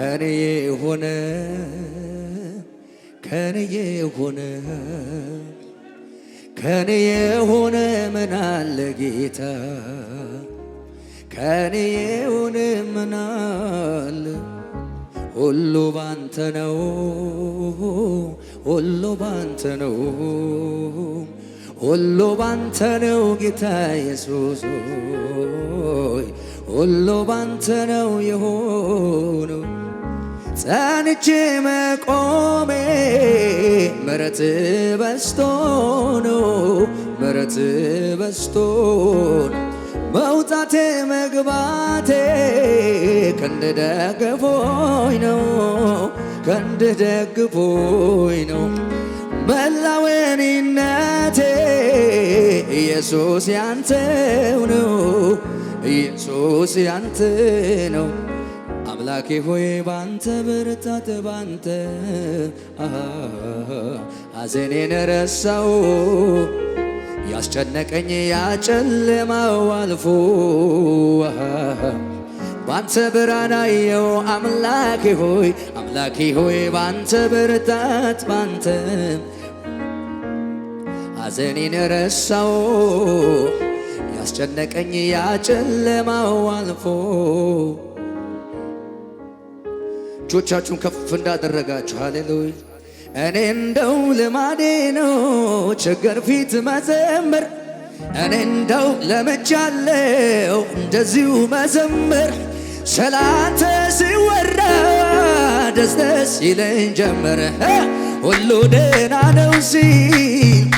ከንዬ ሆነ ከንዬ ሆነ ከንዬ ሆነ ምናለ ጌታ ከንዬ ሆነ ምናለ ሁሉ ባንተ ነው ሁሉ ባንተ ነው ሁሉ ባንተ ነው ጌታ ኢየሱስ ሆይ ሁሉ ባንተ ነው የሆነው ጸንቼ መቆሜ ምረት በስቶ ነው ምረት በስቶ መውጣቴ መግባቴ ክንድ ደግፎኝ ነው ክንድ ደግፎኝ ነው መላወኒነቴ ኢየሱስ ያንተው ነው ኢየሱስ ያንተ ነው አምላኬ ሆይ ባንተ ብርታት ባንተ አዘኔን ረሳው ያስጨነቀኝ ያጨለማው አልፎ ባንተ ብርሃን አየው አምላኬ ሆይ አምላኬ ሆይ ባንተ ብርታት ባንተ አዘኔን ረሳው ያስጨነቀኝ ያጨለማው አልፎ እጆቻችሁን ከፍ እንዳደረጋችሁ ሃሌሉያ። እኔ እንደው ልማዴ ነው ችግር ፊት መዘምር እኔ እንደው ለምጃለው እንደዚሁ መዘምር ስላንተ ሲወራ ደስ ደስ ይለኝ ጀመረ ሁሉ ደህና ነው ሲል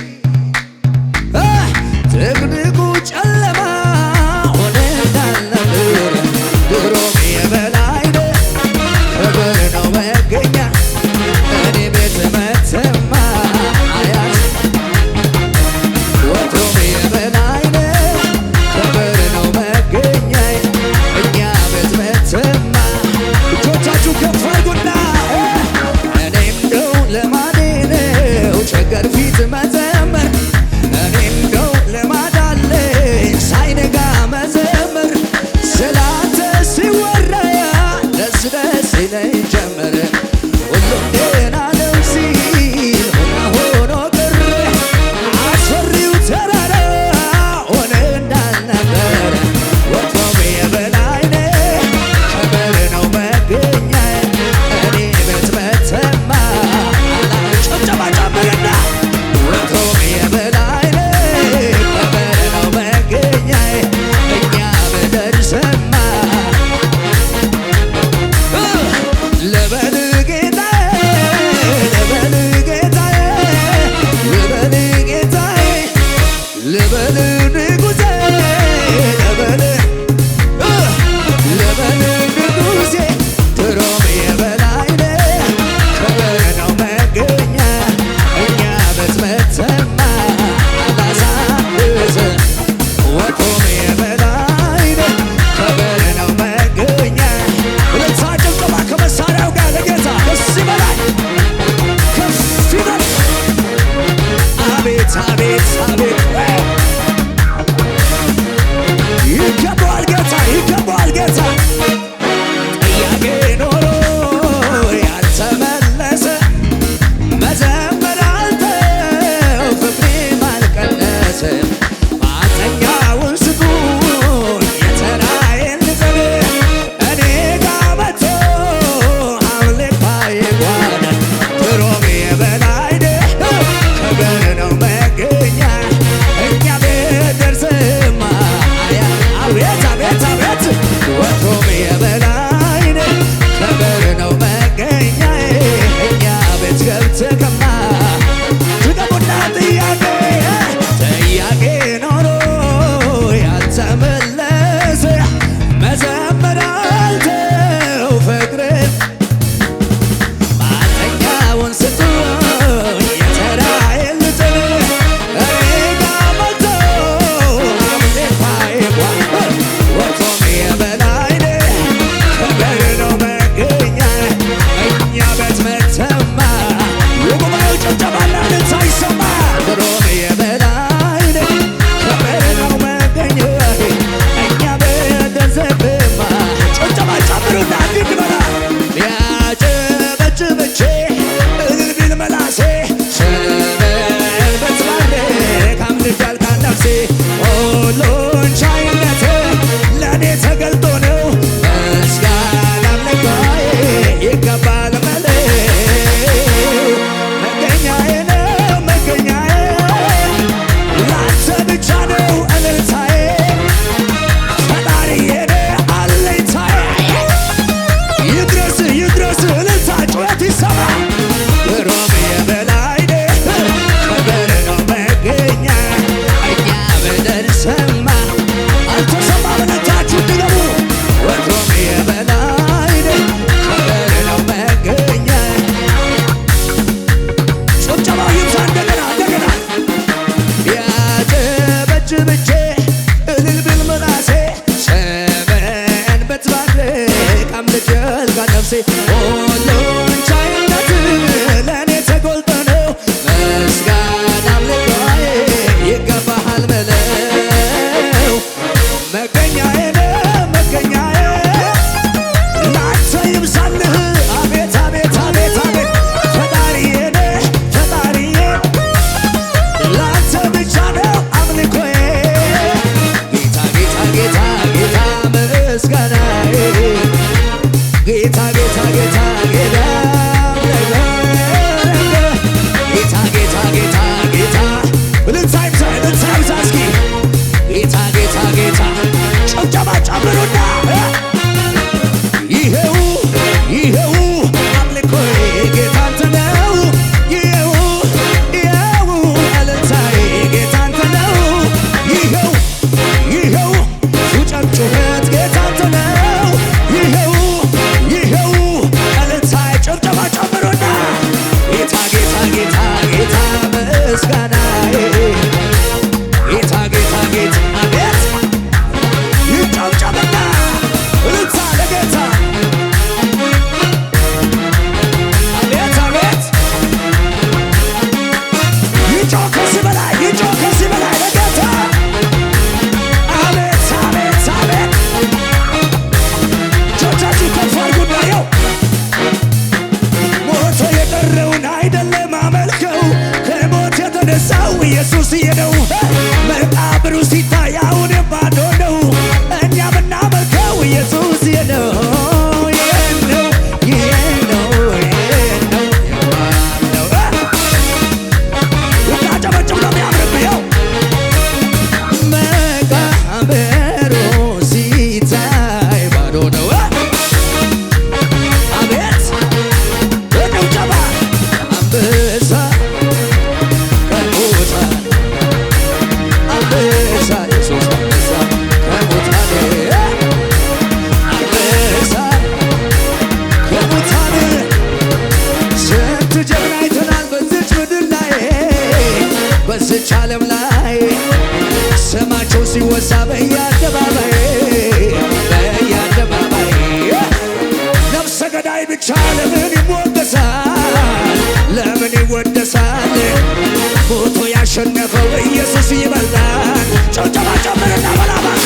ኢየሱስ ይበልጣል። ጭብጨባ ጨምርና በላባክ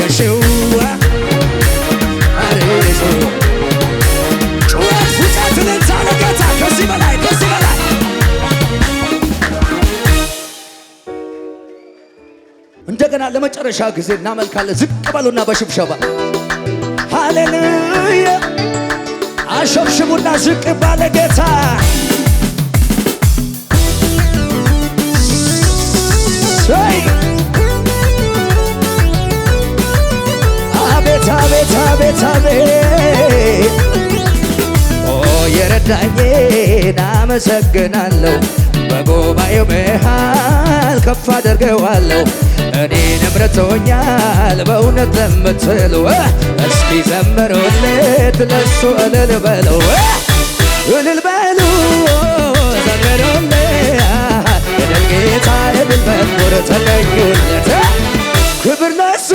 የሽዋ አሬዞ ጩኸት ውጫት ልንሳ ንገታ ከዚህ በላይ ከዚህ በላይ እንደገና ለመጨረሻ ጊዜ እናመልካለን። ዝቅ በሉና በሽብሸባ ሃሌሉያ አሸብሽቡና ዝቅ ባለ ጌታ አቤት አቤት አቤት አቤት የረዳኝን አመሰግናለሁ። በጉባኤው መሃል ከፍ አደርገዋለሁ። እኔ ነምረቶኛል በእውነት ለምትሉ እስኪ ዘምሩለት ለሱ እልል በሉ እልል በሉ ዘምሩለት የምንበት ወደ ተለዩለት ክብር ለሱ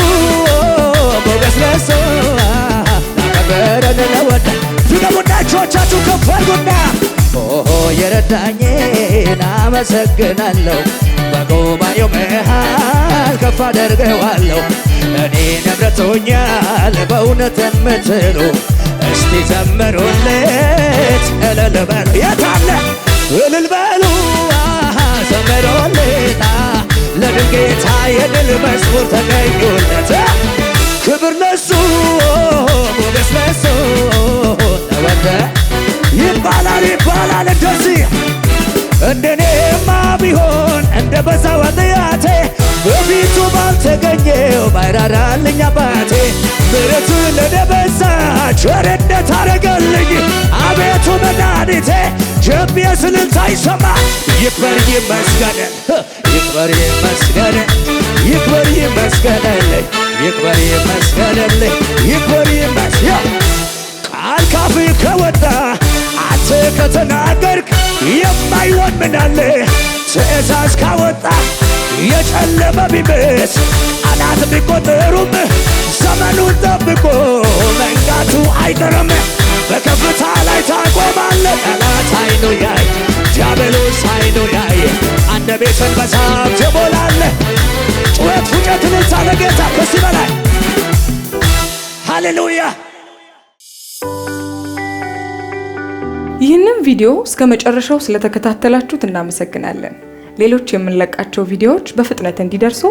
ሞገስ ለሱ አከበረን ለወደ ፊደሙና እጆቻችሁ ከፍ አድርጉና ኦሆ የረዳኝን አመሰግናለሁ በጉባኤው መሃል ከፍ አደርገዋለሁ እኔ ንብረቶኛል በእውነት የምትሉ እስቲ ዘምሩለት እልል በሉ የታለ እልል በሉ ተጨምሮለታ ለድንጌታ የድል መዝሙር ተገኙለት። ክብር ለሱ ሞገስ ለሱ ተወደ ይባላል ይባላል እንደዚህ እንደኔማ ቢሆን እንደ በዛው ኃጢአቴ በፊቱ ባልተገኘው ባይራራልኝ አባቴ ምሕረቱ ለደበዛ ቸርነት አረገልኝ አቤቱ መድኃኒቴ ሸቤ ስልልታ ይሰማ ይክበር ይመስገን ይክበር ይመስገን ይክበር ይመስገንልኝ ይክበር ይመስገንልኝ ይክበር ይመስ ቃል ካፍ ከወጣ አንተ ከተናገርክ የማይሆን ምናለ ትእዛዝ ካወጣ የጨለመ ቢብስ አናት ቢቆጠሩም ዘመኑን ጠብቆ መንጋቱ አይቀርም በከፍታ ላይ ታቆማለ። ጠላት አይኑ ያይ ዲያብሎስ አይኑ ያይ አንደ ቤትን በሳብ ትሞላለ። ጩኸት ፉጨት ልልታ ለጌታ በላይ ሃሌሉያ። ይህንም ቪዲዮ እስከ መጨረሻው ስለተከታተላችሁት እናመሰግናለን። ሌሎች የምንለቃቸው ቪዲዮዎች በፍጥነት እንዲደርሱ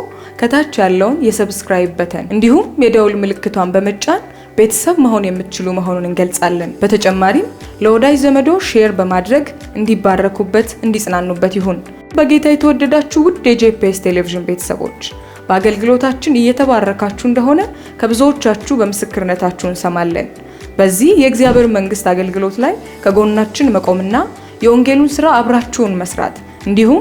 ከታች ያለውን የሰብስክራይብ በተን እንዲሁም የደውል ምልክቷን በመጫን ቤተሰብ መሆን የምትችሉ መሆኑን እንገልጻለን። በተጨማሪም ለወዳጅ ዘመዶ ሼር በማድረግ እንዲባረኩበት፣ እንዲጽናኑበት ይሁን። በጌታ የተወደዳችሁ ውድ የጄፒኤስ ቴሌቪዥን ቤተሰቦች በአገልግሎታችን እየተባረካችሁ እንደሆነ ከብዙዎቻችሁ በምስክርነታችሁ እንሰማለን። በዚህ የእግዚአብሔር መንግስት አገልግሎት ላይ ከጎናችን መቆምና የወንጌሉን ስራ አብራችሁን መስራት እንዲሁም